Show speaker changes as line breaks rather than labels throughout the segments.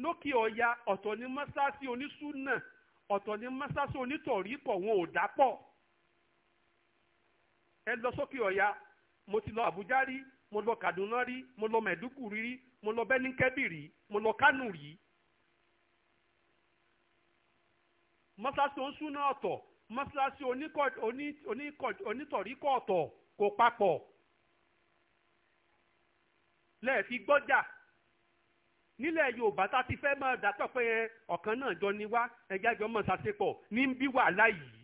lókè ọ̀ya ọ̀tọ̀ ní mọ́sáàsì onísùnà ọ̀tọ̀ ní mọ́sáàsì onítọ̀ríkọ̀ wọn ò dápọ̀ ẹ lọ sókè ọ̀ya mo ti lọ Àbújá rí mo lọ Kaduna rí mo lọ Mẹ̀dúkùrí rí mo lọ Bẹ́níkẹ́bì rí mo lọ kánù rí mọ́sáàsì onísùnà ọ̀tọ̀ mọ́sáàsì onítọ̀ríkọ̀ ọ̀tọ̀ kò papọ̀ lẹ́ẹ̀fi gbọ́jà nílẹ̀ yorùbá tá a ti fẹ́ máa dàpọ̀ pé ọ̀kan náà jọ ni wá ẹ̀já jọ mọ̀ sàṣepọ̀ ní bí wàhálà yìí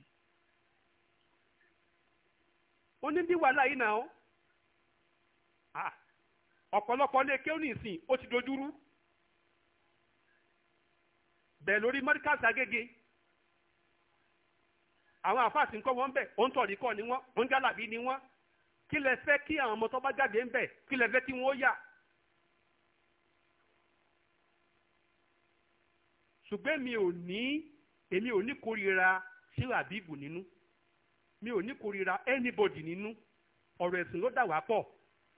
ó ní bí wàhálà yìí náà ọ̀pọ̀lọpọ̀ lè kéwòn ìsìn ó ti dojúrú bẹ́ẹ̀ lórí mọ́ríkàsì agége àwọn àfáàsì ń wọn bẹ̀ ó ń tọ̀rí kọ́ ni wọ́n ó ń jálàbí ni wọ́n kí lẹ fẹ́ kí àwọn ọmọ tó bá jáde ń bẹ̀ kí lẹ fẹ́ kí wọ́n yà ṣùgbọ́n mi ò ní èmi ò ní kórìíra sí àbíbù nínú mi ò ní kórìíra anybody nínú ọ̀rọ̀ ẹ̀sìn ló dà wá pọ̀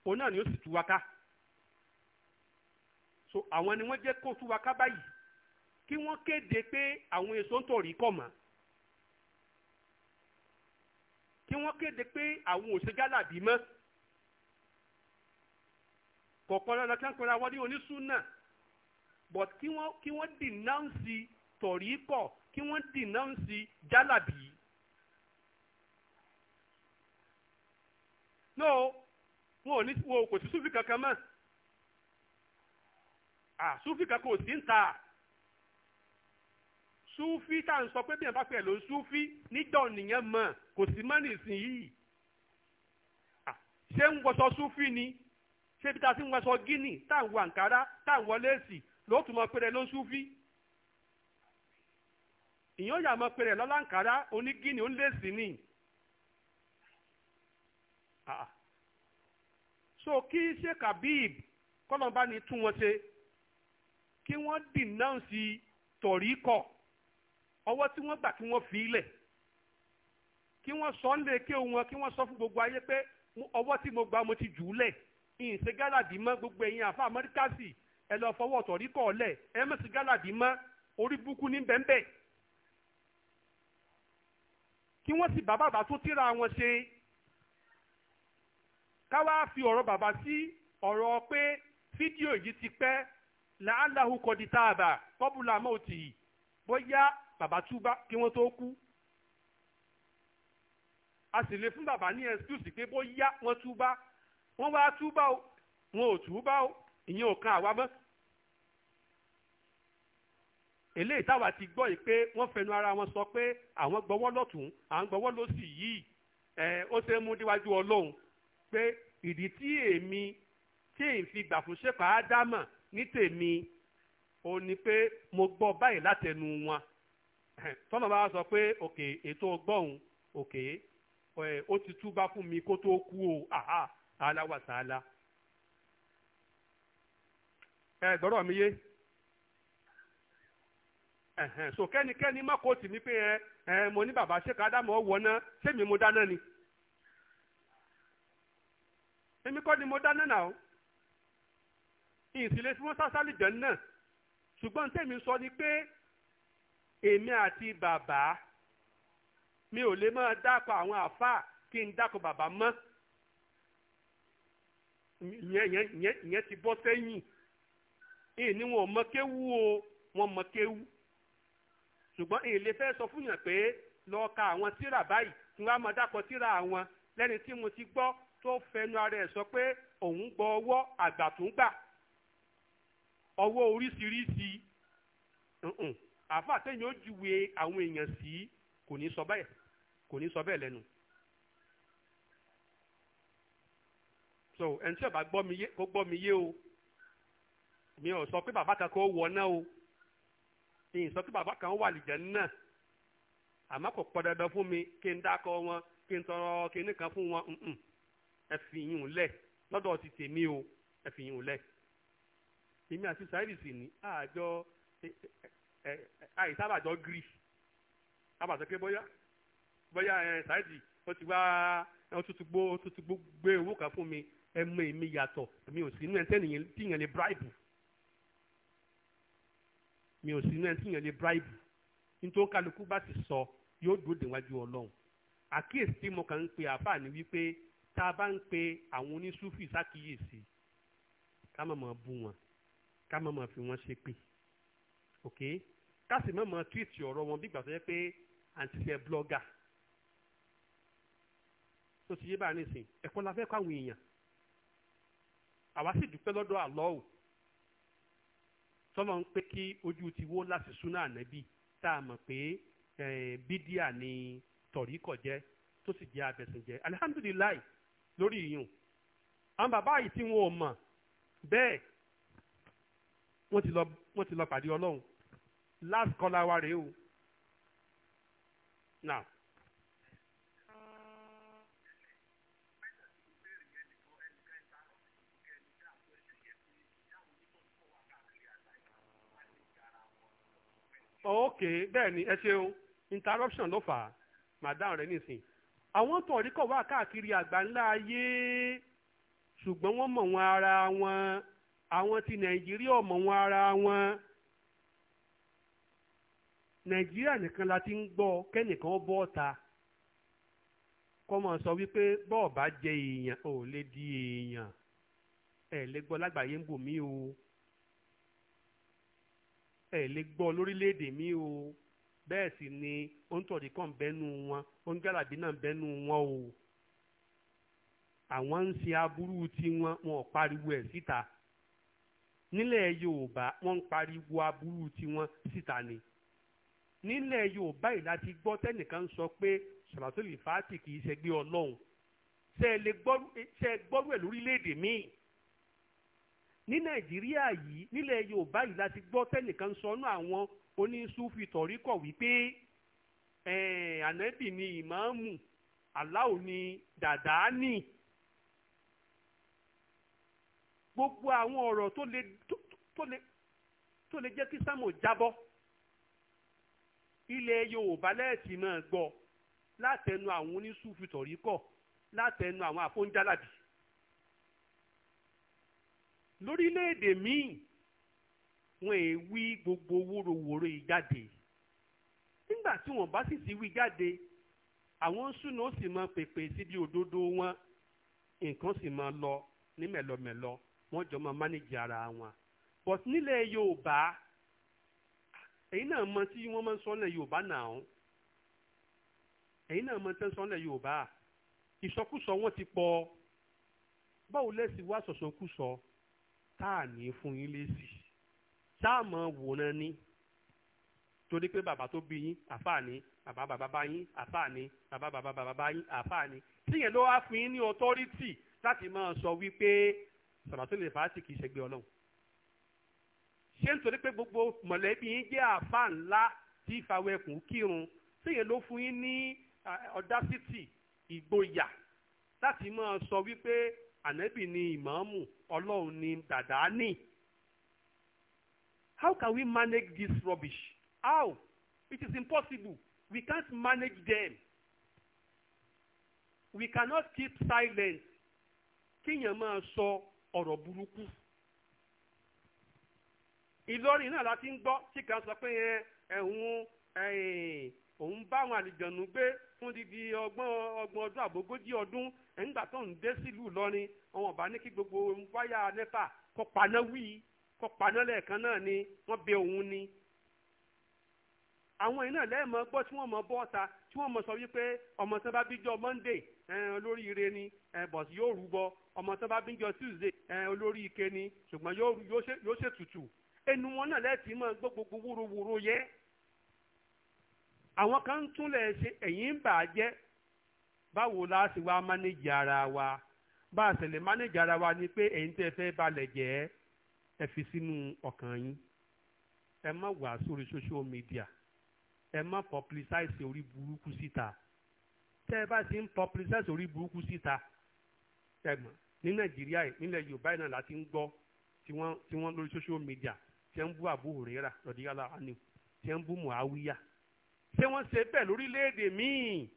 òun náà ni ó sì tú wa ká so àwọn ni wọ́n jẹ́ kó tú wa ká báyìí kí wọ́n kéde pé àwọn èso ń tọ̀rí kọ̀ mọ́ kí wọ́n kéde pé àwọn òṣèjálàbí mọ́ kọ̀ọ̀kan lọ́la kí wọ́n pera wọ́n onísùn náà but kí wọ́n kí wọ́n dìnáùnsì tọ̀ríkọ̀ kí wọ́n dìnáùnsì jálàbí. no wọn ò ní wọn kò sí súfì kankan mọ́ à súfì kankan ò sí ń ta súfì tá à ń sọ pé bí ẹ̀ bá pẹ̀ ló ń súfì níjọ́ nìyẹn mọ̀ kò sí mọ́ nísìnyìí ṣé ń wọṣọ súfì ni ṣé bí ta ti ń wọṣọ gíní tá à ń wọ àǹkárá tá à ń wọ léèsì lóòtú mọ péré ló ń súfí ìyẹn yà mọ péré lọ́láǹkárá onígínì onílẹ̀sì ni ah. so kí sheikh habib kọ́lọ́mbà ni tún wọn ṣe kí wọ́n dìnáùsì tọ̀ríkọ̀ ọwọ́ tí wọ́n gbà kí wọ́n fi ilẹ̀ kí wọ́n sọ ń lè ké wọn kí wọ́n sọ fún gbogbo ayé pé ọwọ́ tí mo gbà mo ti jù ú lẹ̀ ìyìnṣẹ́ gálàdì mọ́ gbogbo ẹ̀yìn àfa amẹ́ríkàsì ẹ lọ fọwọ́ ọ̀tọ̀ rí kọ́ ọ̀lẹ̀ ẹ mọ̀ sí gálàdì mọ́ orí burúkú ní bẹ́ńbẹ́ kí wọ́n sì bàbá bàbá tó tíra wọn ṣe káwá fi ọ̀rọ̀ bàbá sí ọ̀rọ̀ pé fídíò yìí ti pẹ́ làálàhù kọ̀dí táàbà pọ́bùlà mọ́ọ̀tì yìí bóyá bàbá túbá kí wọ́n tó kú a sì lè fún bàbá ní excuse pé bóyá wọ́n túbá wọ́n wá túbá o wọn ò túbá o ìyẹn ò kan àwa mọ́ eléyìí táwa ti gbọ́ yìí pé wọ́n fẹnu ara wọn sọ pé àwọn gbọ́wọ́ lọ́tún à ń gbọ́wọ́ lọ́sì yìí ẹ̀ ó ṣe é mú níwájú ọlọ́run pé ìdí tí èmi tí èmi fi gbà fún ṣèpà ádámà ní tèmi ó ní pé mo gbọ́ báyìí látẹnu wọn tọ́nà bá sọ pé òkè ètò ọgbọ́n òkè ó ti túbá fún mi kó tó kú o àhà aláwàsálà ẹ gbọ́dọ̀ mi yé so kẹ́nikẹ́ni má kóòtù mi pé ẹ ẹ mo ní bàbá ṣé kádàmọ́ wọ ná sẹ́mi mo dáná ni èmi kọ́ ni mo dáná náà o ìsìlẹ̀ tí wọ́n sásálì jẹ́ náà ṣùgbọ́n tèmi sọ ni pé èmi àti bàbá mi ò lè máa dákọ̀ àwọn àáfàá kí n dákọ̀ bàbá mọ́ ìyẹn ti bọ́ sẹ́yìn ìní wọn mọ kéwu o wọn mọ kéwu ṣùgbọ́n èlé fẹ́ sọ fún yàn pé lọ ka àwọn tíra báyìí tí wọ́n á máa dákọ̀ tíra àwọn lẹ́ni tí mo ti gbọ́ tó fẹnu ara ẹ̀ sọ pé òun gbọ́ ọwọ́ àgbà tó ń gbà ọwọ́ oríṣiríṣi àfa àtẹ̀yìn ó júwe àwọn èèyàn sí kò ní sọ bẹ́ẹ̀ kò ní sọ bẹ́ẹ̀ lẹ́nu. so ẹni tí ó bá gbọ́ mi yé kó gbọ́ mi yé o mi ò sọ pé bàbá kan kó wọ náà o ní ìsọ pé bàbá kan wà lìjẹ́ náà àmọ́ kò pọ̀ dandan fún mi kí n dákọ̀ wọn kí n tọrọ kinní kan fún wọn ẹ fi yín lẹ̀ lọ́dọ̀ ti tèmi o ẹ fi yín lẹ̀ èmi àti sáyẹ́dìsì ní àjọ àìsábàjọ gírí àbàtọ́ pé bóyá bóyá sáyẹ́dì ó ti wá ó tún ti gbó ó tún ti gbó gbé owó kan fún mi ẹ mọ èmi yàtọ̀ èmi ò sí inú ẹ̀ tẹ́nìyàn tíyàn lè bíráìbù mi ò sí náà tí yẹn lè bíráìbù nítorí kálukú bá ti sọ yóò dúró déwájú ọlọ́run àkíyèsí tí mo kàn ń pe àbá ni wípé tá a bá ń pe àwọn onísúfì sákìyèsí ká má máa bú wọn ká má máa fi wọn ṣépè ok ká sì má máa túwìtì ọ̀rọ̀ wọn bí ìgbà tó yẹ pé àǹtí ṣe blọ́gà tó ti yé bá a nísìn ẹ̀kọ́ la fẹ́ kọ́ àwọn èèyàn àwa sì dúpẹ́ lọ́dọ̀ àlọ́ọ̀ tọ́lọ́ ń pé kí ojú ti wó láti súnà ànábì tá a mọ̀ pé bídíà ni tọ̀ríkọ̀ jẹ́ tó sì jẹ́ abẹ̀sìnjẹ́ alihamdulilayi lórí ìyún àwọn bàbá yìí tí wọn ò mọ̀ bẹ́ẹ̀ wọ́n ti lọ wọ́n ti lọ pàdé ọlọ́run last caller wa rèé o now. ok bẹ́ẹ̀ ni ẹ ṣeun interruption ló fà á madam rẹ nísìn àwọn tọ̀ríkọ̀ wà káàkiri àgbáńlá ayé ṣùgbọ́n wọ́n mọ̀ wọn ara wọn àwọn ti nàìjíríà mọ̀ wọn ara wọn nàìjíríà nìkan la ti ń gbọ́ kẹ́nìkan bọ́ ta kọ́mọ sọ wípé bọ́ọ̀ bá jẹ èèyàn ò lè di èèyàn ẹ̀ lè gbọ́ lágbàáyé ń bò mí o. ẹ lè gbọ́ lórílẹ̀‐èdè mi o bẹ́ẹ̀ sì ni oúntọ̀dí kan ń bẹ́nu wọn oúnjẹ́làbí náà ń bẹ́nu wọn o àwọn ń ṣe aburú tiwọn wọn ò pariwo ẹ̀ síta nílẹ̀ Yorùbá wọ́n ń pariwo aburú tiwọn síta ni nílẹ̀ Yorùbá yìí láti gbọ́ tẹ́nìkan sọ pé sọ̀rọ̀sọ̀lì fàátì kì í ṣẹgbẹ́ Ọlọ́run ṣe é gbọ́rú ẹ̀ lórílẹ̀‐èdè míì ní nàìjíríà yìí nílẹ̀ yorùbá yìí láti gbọ́ tẹ́nìkan sọnú àwọn oníṣúfì tọ̀ríkọ̀ wípé ànábì ni ìmáàmù aláwo ni dàdáánì gbogbo àwọn ọ̀rọ̀ tó lè tó lè tó lè jẹ́ kí sámù jábọ́ ilẹ̀ yorùbá lẹ́ẹ̀sì máa gbọ́ látẹnu àwọn oníṣúfì tọ̀ríkọ̀ látẹnu àwọn àfọ̀njálàbì lórílẹ̀‐èdè míì wọn è wí gbogbo wóróworó yìí jáde nígbà tí wọn bá sì ti wí jáde àwọn súnà sì máa pèpè síbi òdodo wọn nǹkan sì máa lọ ní mẹ̀lọmẹ̀lọ wọ́n jọ máa mánéjì ara wọn but nílẹ̀ Yorùbá èyí náà mọ tí wọ́n máa ń sọ nílẹ̀ Yorùbá náà èyí náà mọ tí wọ́n sọ nílẹ̀ Yorùbá ìsọkúsọ wọn ti pọ̀ báwo lẹ́sìn wá sọ̀sọ̀kúsọ. So tá à ní fún yín lésì sáàmù wòran ni torí pé bàbá tó bí yín àfáà ni bàbá bàbá bá yín àfáà ni bàbá bàbá bàbá bá yín àfáà ni tíyẹn ló wá fún yín ní ọtọ́rítì láti máa sọ wípé sàbàtúlẹ̀ fàásì kì í ṣẹgbẹ́ ọlọ́run ṣé nítorí pé gbogbo mọ̀lẹ́bí yín jẹ́ àfáà ńlá tí ìfàwẹ́kùn kírun tíyẹn ló fún yín ní ọ̀dásítì eh, ìgboyà láti máa sọ wípé ànábì ni Imamu ọlọ́run ni dàdá ní. how can we manage this rubbish how it is impossible we can't manage them we cannot keep silent kíyàn máa sọ ọ̀rọ̀ burúkú. Ìlọrin náà la ti ń gbọ́ tí kan sọ pé ẹ̀hún òun bá àwọn àlìjọ̀nù gbé fún dídí ọgbọ́n ọgbọ́n ọdún àbógójì ọdún ẹ̀ńgbà tó ń dé sílùú lọ́rin àwọn ọ̀bá ní kí gbogbo wáyà nẹ́fà kọ́ paná wí kọ́ paná lẹ́ẹ̀kan náà ni wọ́n bẹ òun ni. àwọn iná lẹ́ẹ̀mọ́ gbọ́ tí wọ́n mọ bọ́ọ̀ta tí wọ́n mọ sọ wípé ọmọ tó bá bíjọ monday olórí ire ni bọ̀sì yóò rúbọ ọmọ tó bá bíjọ tuesday olórí ike ni ṣùgbọ́n yóò ṣètùtù ẹnu wọn náà lẹ́ẹ̀tì mọ́ gbogbo wúrowúro yẹn àwọn kan ń túnlẹ̀ ṣe ẹ̀yìn ń bà á jẹ́ báwo la ṣe wá mánéjì ara wa bá a ṣẹlẹ̀ mánéjì ara wa ni pé ẹ̀yin tẹ́ fẹ́ balẹ̀ jẹ́ ẹ fi sínú ọkàn yín ẹ má wà sórí social media ẹ má publicize orí burúkú síta tẹ́ ẹ bá ti ń publicize orí burúkú síta ẹ mọ̀ ní nàìjíríà yìí nílẹ̀ yorùbá náà láti ń gbọ́ tí lórí social media tí wọ́n ń bú àbúrò rẹ̀ rà lọ́dí yálà ánìwò tí ń bú muhawiya ṣé wọ́n ṣe bẹ́ẹ̀ lórílẹ̀‐èdè míì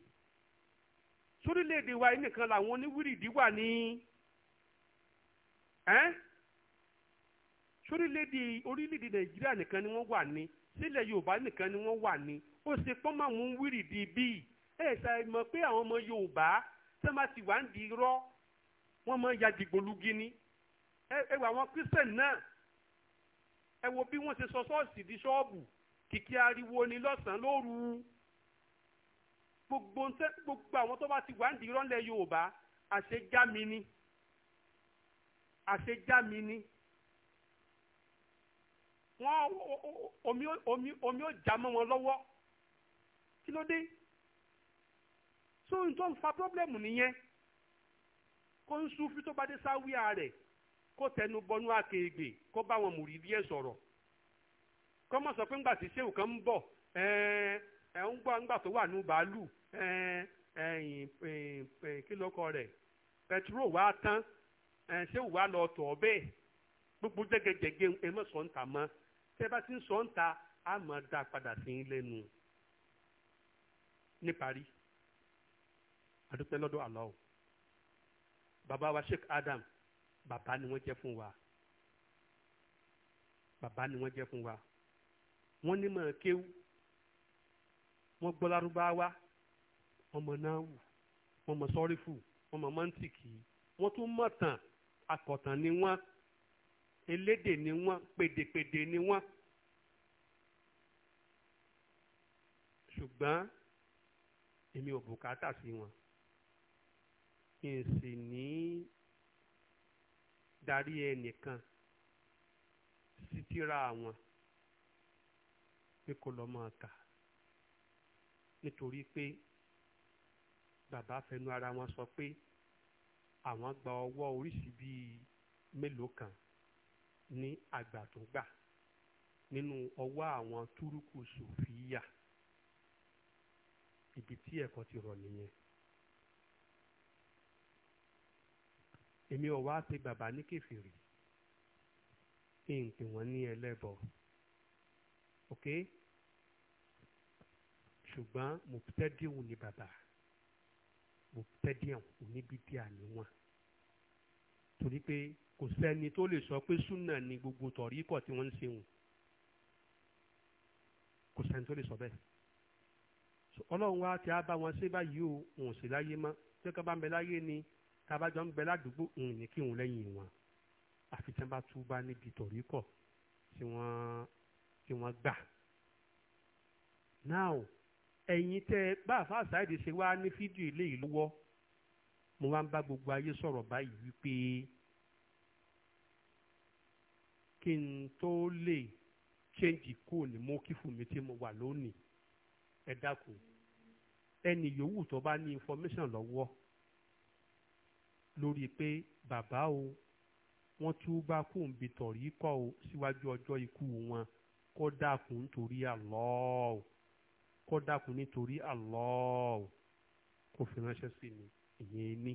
sórílẹ̀‐èdè wa nìkan làwọn oníwìrìdì wà ní sórílẹ̀‐èdè orílẹ̀‐èdè nàìjíríà nìkan ni wọ́n wà ní sílẹ̀ yorùbá nìkan ni wọ́n wà ní ó ṣe pọ́n máa mú wìrìdì bíi ẹ̀ ṣàì mọ̀ pé àwọn ọmọ yorùbá tẹ́ máa ti wà ń di irọ́ wọ́n máa ya dìgbòlugi ni ẹ wà àwọn christian náà ẹ wo bí wọ́n ṣe sọ ṣọ́ọ̀ṣì di ṣọ́ọ̀bù kìkì ariwo ni lọ́sàn-án lóru gbogbo ntẹ gbogbo àwọn tó bá ti wà nídìí rọ́lẹ̀ Yorùbá àṣejámi ni àṣejámi ni wọ́n omi omi omi ó já mọ́ wọn lọ́wọ́ kí ló dé so n tó ń fa pọ́blẹ́mù nìyẹn kó ń sunfí tó bá dé sáwíà rẹ̀ kó tẹnu bọnú àkèégbè kó bá wọn mùrí díẹ̀ sọ̀rọ̀ kọ́ mọ̀ sọ pé ńgbà tí sẹ́wù kan ń bọ̀ ẹ̀ ń gbọ́ ńgbà tó wà ní bàálù kí ló kọ rẹ̀ pẹtrol wá tán sẹ́wù wá lọ tọ̀ ọ́ bẹ́ẹ̀ gbogbo jẹ́gẹ́jẹ́gẹ́ ẹ mọ̀ sọ ń mọ́ tẹ́ bá ti ń sọ ń á mọ̀ dá padà sí lẹ́nu níparí àdúpẹ́ lọ́dọ̀ Allah bàbá wa Sheikh Adam bàbá ni wọ́n jẹ́ fún wa bàbá ni wọ́n jẹ́ fún wa wọ́n ní mọ̀ kéwú wọ́n gbọ́ lárúbáwá wọ́n mọ̀ náwù wọ́n mọ̀ sọ́rífù wọ́n mọ̀ mọ́ntìkì wọ́n tún mọ̀ tàn àkọ̀tàn ni wọ́n elédè ni wọ́n pèdèpèdè ni wọ́n. ṣùgbọ́n èmi ò bùkátà sí wọn kí n sì ní darí ẹnìkan sí tírà wọn pé kó lọ máa kà nítorí pé bàbá fẹnu ara wọn sọ pé àwọn gba ọwọ́ oríṣi bíi mélòó kan ní àgbà tó gbà nínú ọwọ́ àwọn túrúkù sòfíà ibi tí ẹ̀kọ́ ti rọ̀ nìyẹn. èmi ò wá pe bàbá ní kẹfìrì kí n pè wọ́n ní ẹlẹ́bọ̀ọ́ ok ṣùgbọ́n mùtẹ́díhùn ni bàbá mùtẹ́díhùn oníbídíà ni wọ́n torí pé kò sẹ́ni tó lè sọ pé súnà ni gbogbo tọ̀rí kọ̀ tí wọ́n ń sehùn kò sẹ́ni tó lè sọ bẹ́ẹ̀ ọlọ́run wa ti á bá wọn ṣe báyìí o òun sì láyé mọ́ tí wọ́n bá ń bẹ láyé ni tábàjọ́ ń bẹ ládùúgbò òun ní kí òun lẹ́yìn wọn àfi tí wọ́n bá tú níbi tọ̀rí kọ̀ tí wọ́n kí wọ́n gbà. now ẹ̀yin tẹ́ bá àfa àsáìdì ṣe wá ní fídíò ilé yìí lọ́wọ́ mo wá ń bá gbogbo ayé sọ̀rọ̀ báyìí wípé kí n tó lè chẹ́ǹjì kó ní mo kí fún mi tí mo wà lónìí ẹ dákun ẹni yòówù tó bá ní information lọ́wọ́ lórí pé bàbá o wọ́n tún bá kóun bìtọ̀rí kọ́ o síwájú ọjọ́ ikú wọn. Si kó dákun nítorí Allah kó dákun nítorí Allah kó fi ránṣẹ́ sí mi ìyẹn ní.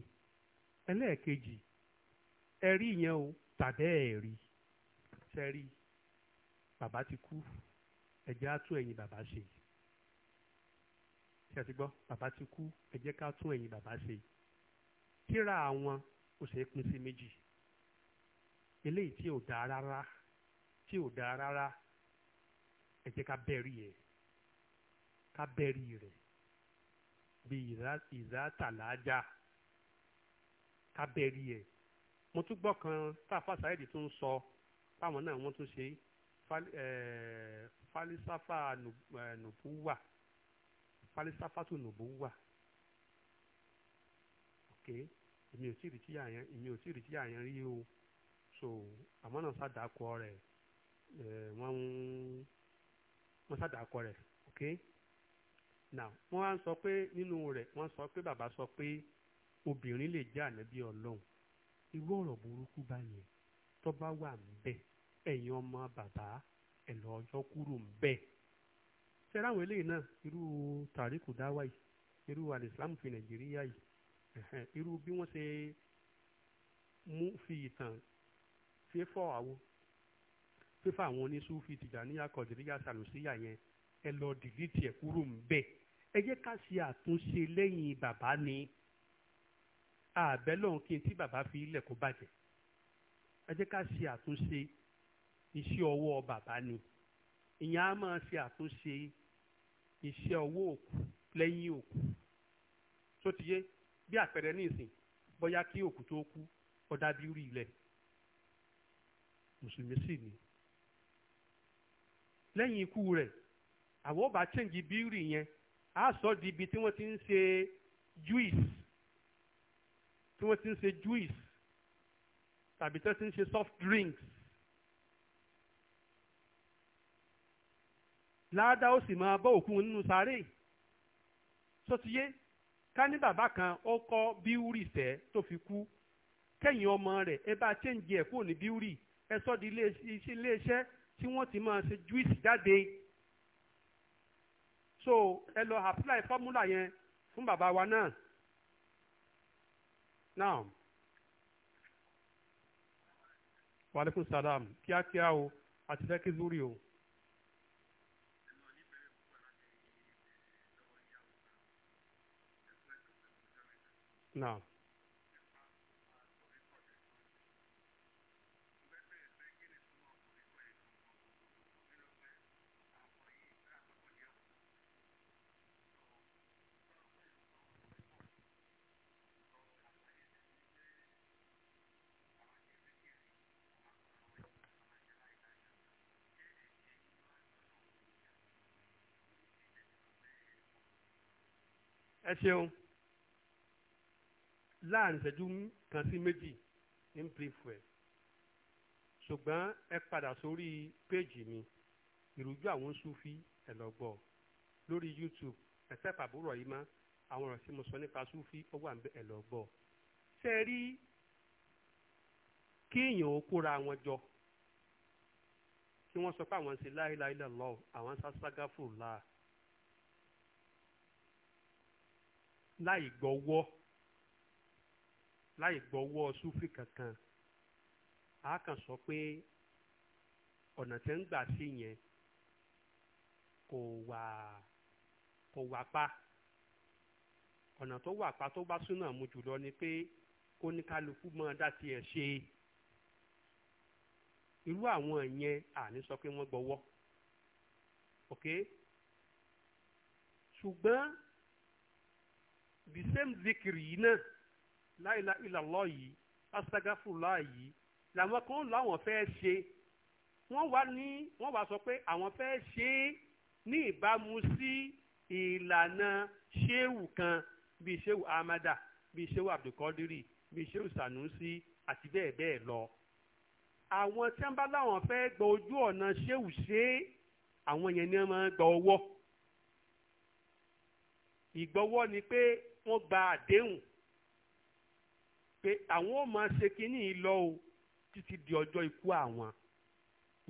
ẹlẹ́ẹ̀kejì ẹ̀rí yẹn o tàbẹ́ ẹ̀rí sẹ́rí bàbá ti kú ẹ̀jẹ̀ á tún ẹ̀yìn bàbá ṣe ṣe àti gbọ́ bàbá ti kú ẹ̀jẹ̀ ká tún ẹ̀yìn bàbá ṣe kíra àwọn ó ṣe é pín sí méjì eléyìí tí ò dáa rárá tí ò dáa rárá ẹ jẹ́ ká bẹ́rí ẹ̀ ká bẹ́rí rẹ̀ bí ìzá tàlájà ká bẹ́rí ẹ̀ mo tún gbọ́ kan táfà sáyẹ́dì tó ń sọ fáwọn náà wọ́n tún ṣe falisafa nùbúwà falisafa tó nùbúwà ok èmi ò tí rí tíyà yẹn èmi ò tí rí tíyà yẹn rí o so àmọ́ náà sá dàkọ rẹ̀ wọ́n ń wọ́n sàdàkọ rẹ̀ ok now wọ́n wá ń sọ pé nínú rẹ̀ wọ́n sọ pé bàbá sọ pé obìnrin lè jẹ́ ànábì ọlọ́run irú ọ̀rọ̀ burúkú báyẹn tó bá wà ń bẹ̀ ẹ̀yin ọmọ bàbá ẹ̀ lọ́jọ́ kúrò ń ṣe ráwọn eléyìí náà irú tàríkù dáwà yìí irú alìsílámù fi nàìjíríà yìí irú bí wọ́n ṣe mú fi ìtàn fífọ́ àwo pépà àwọn oníṣúfì tìjàníyà kọ̀dìríyà sàlùsíyà yẹn ẹ lọ dìlítì ẹ̀ kúrò ń bẹ̀ ẹ jẹ́ ká ṣe àtúnṣe lẹ́yìn bàbá ni àbẹ́ lọ́hùn kí n tí bàbá fi ilẹ̀ kó bàjẹ́ ẹ jẹ́ ká ṣe àtúnṣe iṣẹ́ ọwọ́ bàbá ni ìyẹn á máa ṣe àtúnṣe iṣẹ́ ọwọ́ òkú lẹ́yìn òkú tó ti yé bí àpẹẹrẹ ní bóyá kí òkú tó kú ọ̀dà bí rí ilẹ̀ mùsùlùmí sì ni lẹ́yìn ikú rẹ̀ àwọn ọba change bírì yẹn á sọ di ibi tí wọ́n ti ń ṣe juice tí wọ́n ti ń ṣe juice tàbí tí wọ́n ti ń ṣe soft drinks. láàdá ó sì máa bọ́ òkú nínú sáré sọtiyé ká ní bàbá kan ó kọ́ bíúrì sẹ́ tó fi kú kẹ́yìn ọmọ rẹ̀ ẹ bá chẹ́ǹjì ẹ̀ kúrò ní bíúrì ẹ sọ́ di iléeṣẹ́ tí wọ́n ti máa ṣe juice jáde so ẹ lọ apply formula yẹn fún bàbá wa náà now waaleykum salaam kíákíá o àti fẹ́ kí zuri o. now. ẹ ṣeun láàrin ìṣẹ́jú kan sí méjì ní bírífù ẹ̀ ṣùgbọ́n ẹ padà sórí péèjì mi ìrújú àwọn sufi ẹ lórí YouTube ẹ tẹ́pà àbúrò yìí má àwọn ọ̀rọ̀ tí mo sọ nípa sufi ó wà ẹ lọ gbọ́ ṣe rí kí èèyàn ó kóra wọn jọ kí wọ́n sọ pé àwọn ń ṣe láéláé lọ́wọ́ àwọn ń sá láà. láì gbọ́wọ́ láì gbọ́wọ́ súfì kankan a kàn sọ pé ọ̀nà tẹ́ ń gbà sí yẹn kò wà kò wà pa ọ̀nà tó wà pa tó bá súnà mu jùlọ ni pé kó ní kálukú mọ́ dá tiẹ̀ ṣe irú àwọn yẹn àní sọ pé wọ́n gbọ́wọ́ ok ṣùgbọ́n the same zikiri yìí náà láìla ìlàlọ́ yìí asagafula yìí làwọn kan láwọn fẹ́ ṣe wọ́n wá ní wọ́n wá sọ pé àwọn fẹ́ ṣe é ní ìbámu sí ìlànà ṣéwù kan bíi ṣéwù amada bíi ṣéwù abdulkadiri bíi ṣéwù sanusi àti bẹ́ẹ̀ bẹ́ẹ̀ lọ àwọn tí wọ́n bá láwọn fẹ́ gba ojú ọ̀nà ṣéwù ṣe é àwọn yẹn ni wọ́n máa gba ọwọ́ ìgbọ́wọ́ ni pé wọ́n gba àdéhùn pé àwọn ò máa ṣe kínní lọ o títí di ọjọ́ ikú àwọn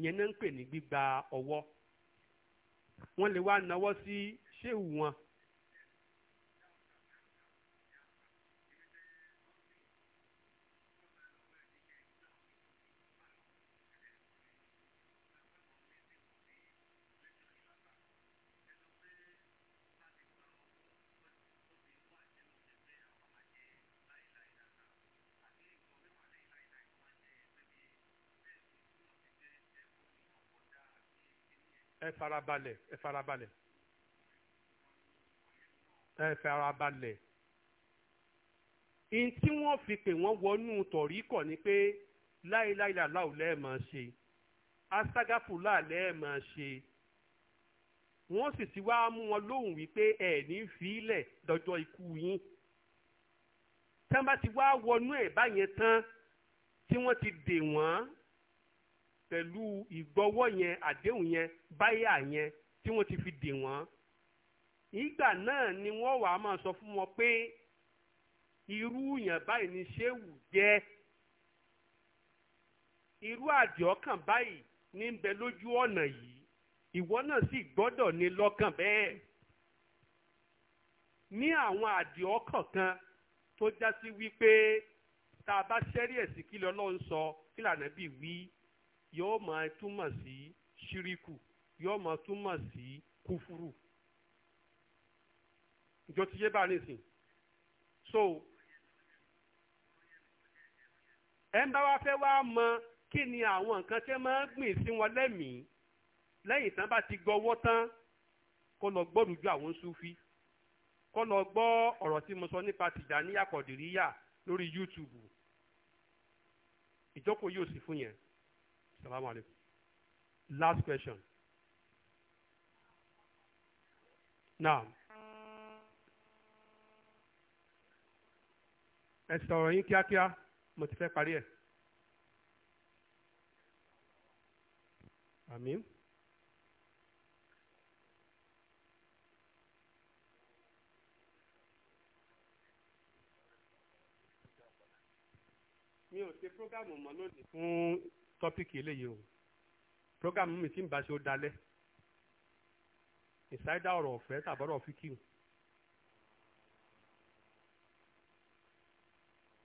yẹn náà ń pè ní gbígba ọwọ́ wọ́n lè wá náwó sí ṣéwù wọn. ẹ farabalẹ̀ ẹ farabalẹ̀ ẹ farabalẹ̀ in tí wọ́n fi pè wọ́n wọnú tọ̀ríkọ̀ ni pé láìláìláláò lẹ́ẹ̀mọ̀ ṣe aságáfùlà lẹ́ẹ̀mọ̀ ṣe wọ́n sì ti wá mú wọn lóhùn wípé ẹ̀ ní fílẹ̀ dọjọ́ ikú yín tí wọ́n bá ti wá wọnú ẹ̀ báyẹn tán tí wọ́n ti dè wọ́n pẹ̀lú ìgbọ́wọ́ yẹn àdéhùn yẹn báyà yẹn tí wọ́n ti fi dè wọ́n ìgbà náà ni wọ́n wàá máa sọ fún wọn pé irú yẹn báyìí ni ṣéwù jẹ́ irú àdìọ́kàn báyìí ní ń bẹ lójú ọ̀nà yìí ìwọ náà sì gbọ́dọ̀ ní lọ́kàn bẹ́ẹ̀ ní àwọn àdìọ́kàn kan tó já sí wípé tá a bá ṣẹ́rí ẹ̀sìn kí lọ́lọ́ ń sọ kí lànà bí wí yóò máa túmọ̀ sí ṣíríkù yóò máa túmọ̀ sí kúfúrú ìjọ ti yé bá nísìn so ẹ ń bá wá fẹ́ wá mọ kí ni àwọn nǹkan tẹ́ máa ń gbìn sí wọn lẹ́mìí lẹ́yìn tán bá ti gbọ́wọ́ tán kó lọ gbọ́dù ju àwọn sufi kó lọ gbọ́ ọ̀rọ̀ tí mo sọ nípa Tìjàníyà Kọ̀dìríyà lórí YouTube ìjókòó yóò sì fún yẹn. Assalamu alaikum. Last question. Now, ẹ sọ̀rọ̀ yín kíákíá mo ti fẹ́ parí ẹ̀. Àmín. mi ò ṣe prógámù mọ́ lónìí fún tọ́píkì eléyìí o program mi ti ń bá ṣe ó dalẹ̀ ìsáídà ọ̀rọ̀ ọ̀fẹ́ tàbọ̀rọ̀ fíkìú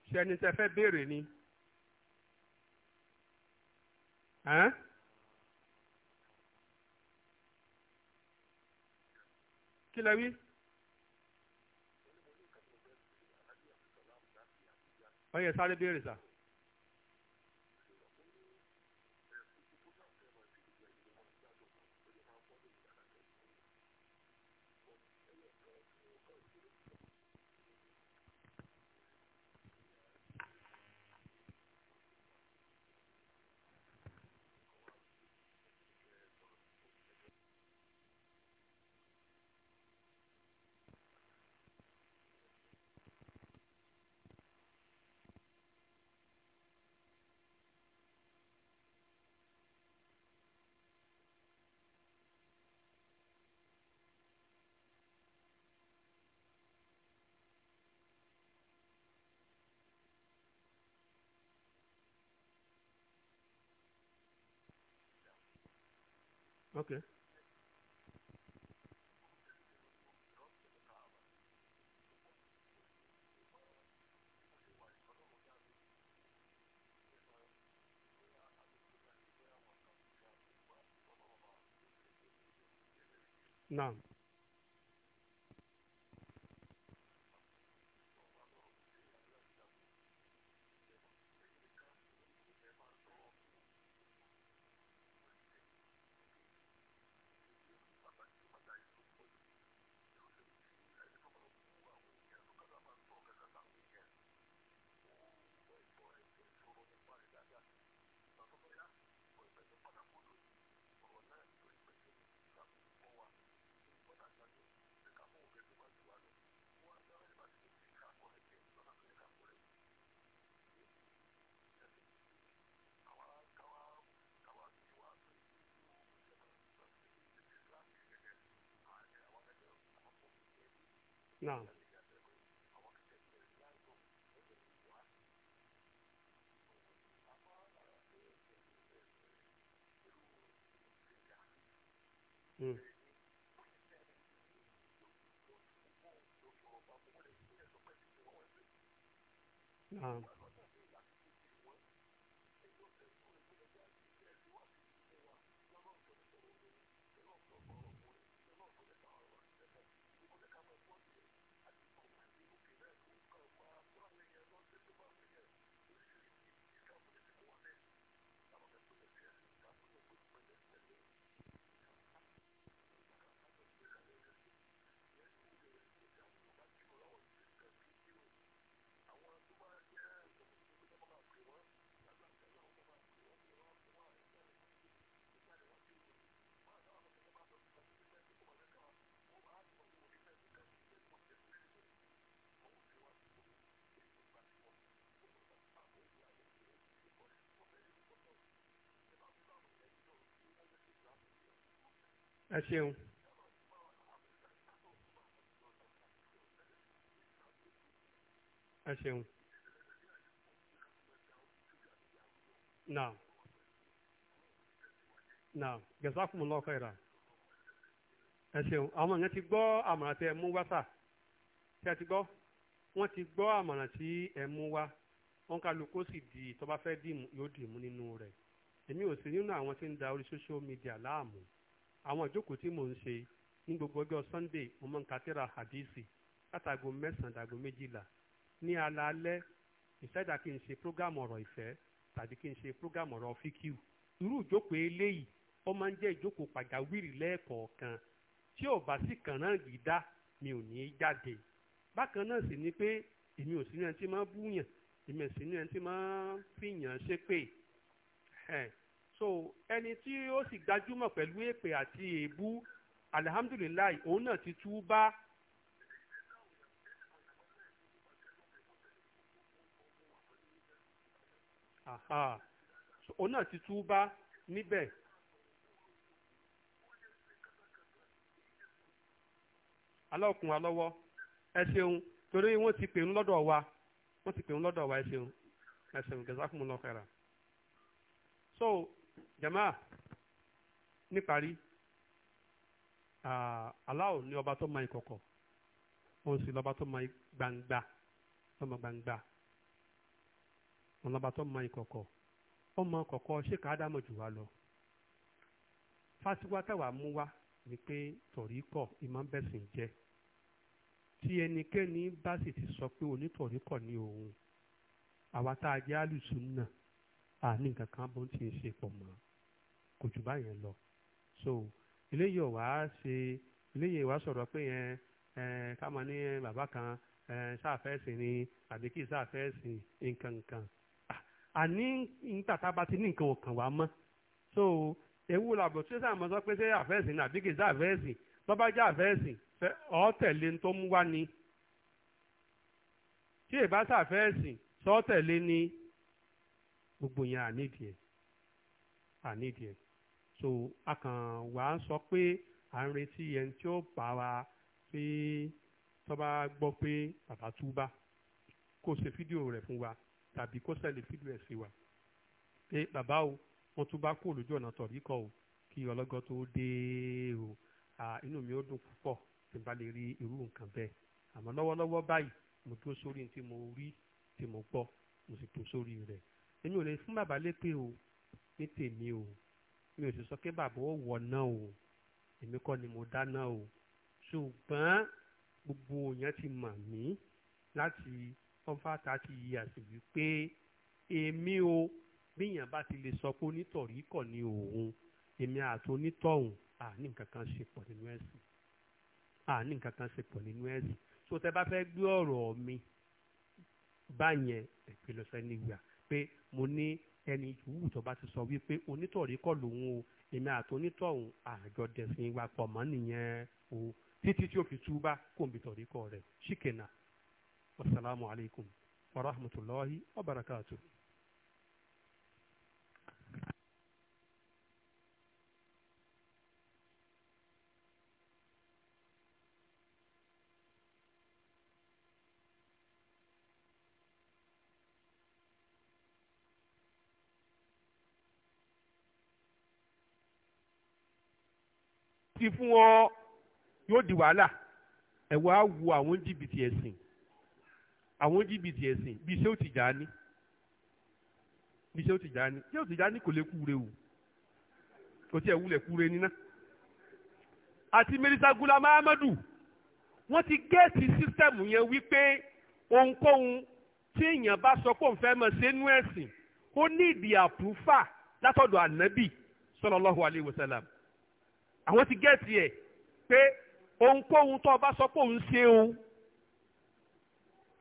ṣe ẹni tẹ fẹ́ béèrè ni kí lẹ wí. ọyẹ sáré béèrè sá. Okay. Naam. Naam. Mm. Naam. ẹ ṣeun. ẹ ṣeun. naam naam jazakumullahu khairan ẹ ṣeun àwọn èèyàn ti gbọ́ àmọ̀ràn tí ẹ mú wá sà tí ẹ ti gbọ́ wọ́n ti gbọ́ àmọ̀ràn tí ẹ mú wá wọ́n kálukú sì di tó bá fẹ́ dìmú yóò dìmú nínú rẹ̀ èmi ò sí nínú àwọn tí ń da orí social media láàmú àwọn ìjókòó tí mò ń ṣe ní gbogbo ọjọ́ sunday mo máa ń ka tírà hadisi látago mẹ́sàn-án dàgbo méjìlá ní alaalẹ́ ìṣẹ́dá kí n ṣe prógámù ọ̀rọ̀ ìfẹ́ tàbí kí n ṣe prógámù ọ̀rọ̀ fíkìú irú ìjókòó eléyìí ó máa ń jẹ́ ìjókòó pàjáwìrì lẹ́ẹ̀kọ̀ọ̀kan tí ò bá sì kàn náà yìí dá mi ò ní í jáde bákan náà sì ni pé èmi ò sínú ẹni tí máa búyàn èmi ò sínú ẹni tí máa fìyàn ṣépè so ẹni tí ó sì gbajúmọ̀ pẹ̀lú èpè àti èébú alihamudulilayi òun náà ti tú bá aha òun náà ti tú bá níbẹ̀. alọ́kùn wa lọ́wọ́ ẹ ṣeun torí wọ́n ti pè ń lọ́dọ̀ wa wọ́n ti pè ń lọ́dọ̀ wa ẹ ṣeun ẹ ṣeun gẹ̀ẹ́sà fún mi lọ́kẹ́ra. so jama níparí aláwo ni ọba tó mọ ìkọ̀kọ̀ òun sì lọ́ba tó mọ gbangba tó mọ gbangba òun lọ́ba tó mọ ìkọ̀kọ̀ ó mọ kọ̀kọ̀ ṣéka ádámọ̀ jù wá lọ fásiwá táwa mú wá ni pé tọ̀ríkọ̀ ìmọ̀ bẹ̀sìn jẹ́ tí ẹnikẹ́ni bá sì ti sọ pé onítọ̀ríkọ̀ ni òun àwa tá a jẹ́ alùsùn náà àní nǹkan kan bó ti ṣe pọ̀ mọ́ kò jù báyẹn lọ so eléyìí ò wá ṣe eléyìí wá sọ̀rọ̀ pé yẹn ẹ ká máa ní bàbá kan ẹ sáfẹ́sì ni àbí kí sáfẹ́sì nǹkan kan àní nígbà tá a bá ti ní nǹkan ọ̀kan wá mọ́ so ewu làbọ̀ tí sáà mọ̀ sọ pé ṣé àfẹ́sì ni àbí kì í sáfẹ́sì bọ́bá jẹ́ àfẹ́sì ọ̀ tẹ̀lé tó mú wá ni tí èbá sáfẹ́sì sọ tẹ̀lé ni. So, gbogbo yẹn ànídìí ẹ̀ ànídìí ẹ̀ so a kàn wá sọ pé à ń retí ẹni tí ó bá wa pé tó bá gbọ́ pé bàbá túbá kó ṣe fídíò rẹ̀ fún wa tàbí kó sẹ́lì fídíò ẹ̀ sí wa pé bàbá o wọ́n túbá kó lójú ọ̀nà tọ̀rí kọ́ o kí ọlọ́gọ́ tó dé o inú mi ó dùn púpọ̀ tí n bá lè rí irú nǹkan bẹ́ẹ̀ àmọ́ lọ́wọ́lọ́wọ́ báyìí mo tó sórí tí mo rí tí mo gbọ́ mo sì tó sórí rẹ̀ èmi ò lè fún bàbá lépè o ní tèmi o mi ò sì sọ pé bàbá ó wọ̀ náà o èmi kọ́ ni mo dáná o ṣùgbọ́n gbogbo èèyàn ti mọ̀ mí láti over thirty years wípé èmi o bíyàn bá ti lè sọ pé onítọ̀rí kọ̀ ni òun èmi àti onítọ̀hún àní nǹkan kan ṣe pọ̀ nínú ẹ̀sìn àní nǹkan kan ṣe pọ̀ nínú ẹ̀sìn so tẹ bá fẹ́ gbé ọ̀rọ̀ mi báyẹn ẹ̀pẹ́ lọ sẹ́ni pé mo ní ẹni ìwú tó bá ti sọ wípé onítọ̀rí kọ́ lòun o èmi àti onítọ̀hún àjọ dẹ̀sìn wa pọ̀ mọ́ nìyẹn o títí tí ó fi túbá bi tọ̀rí kọ́ rẹ̀ ṣìkẹ̀nà wasalaamualeykum wa rahmatulahi wa ti fún ọ yóò di wàhálà ẹ wá wo àwọn jìbìtì ẹ̀sìn àwọn jìbìtì ẹ̀sìn bíi ṣé ó ti jà á ní bíi ṣé ó ti jà á ní ṣé ó ti jà á ní kò lè kúure o kò tiẹ̀ wulẹ̀ kúure níná àti Mirza Ghulam Ahmadu wọ́n ti gẹ́ẹ̀tì sísítẹ́ẹ̀mù yẹn wípé ohunkóhun tí èèyàn bá sọ pé òun fẹ́ mọ̀ sí inú ẹ̀sìn ó ní ìdí àpúfà látọ̀dọ̀ ànábì sallallahu alaihi wasallam àwọn ti gẹ́ẹ̀tì ẹ̀ pé ohunkóhun tó o bá sọ pé òun ṣe o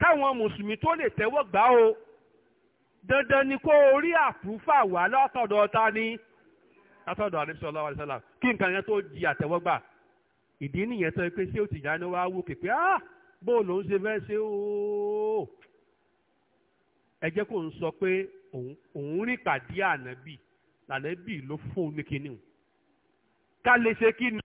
káwọn mùsùlùmí tó lè tẹ́wọ́ gbà o dandan ni kó o àpúfà wá látọ̀dọ̀ ọ̀tá ni látọ̀dọ̀ àdébísọ̀ ọlọ́wà àdébísọ̀lá kí nǹkan yẹn tó di àtẹ́wọ́gbà ìdí nìyẹn tó pé ṣé o ti jáde wá wò képe ah bó ló ń ṣe fẹ́ ṣe o ẹ jẹ́ kó ń sọ pé òun rí pàdé ànábì lànábì ló fún un ní kinní o ká lè ṣe kí ni.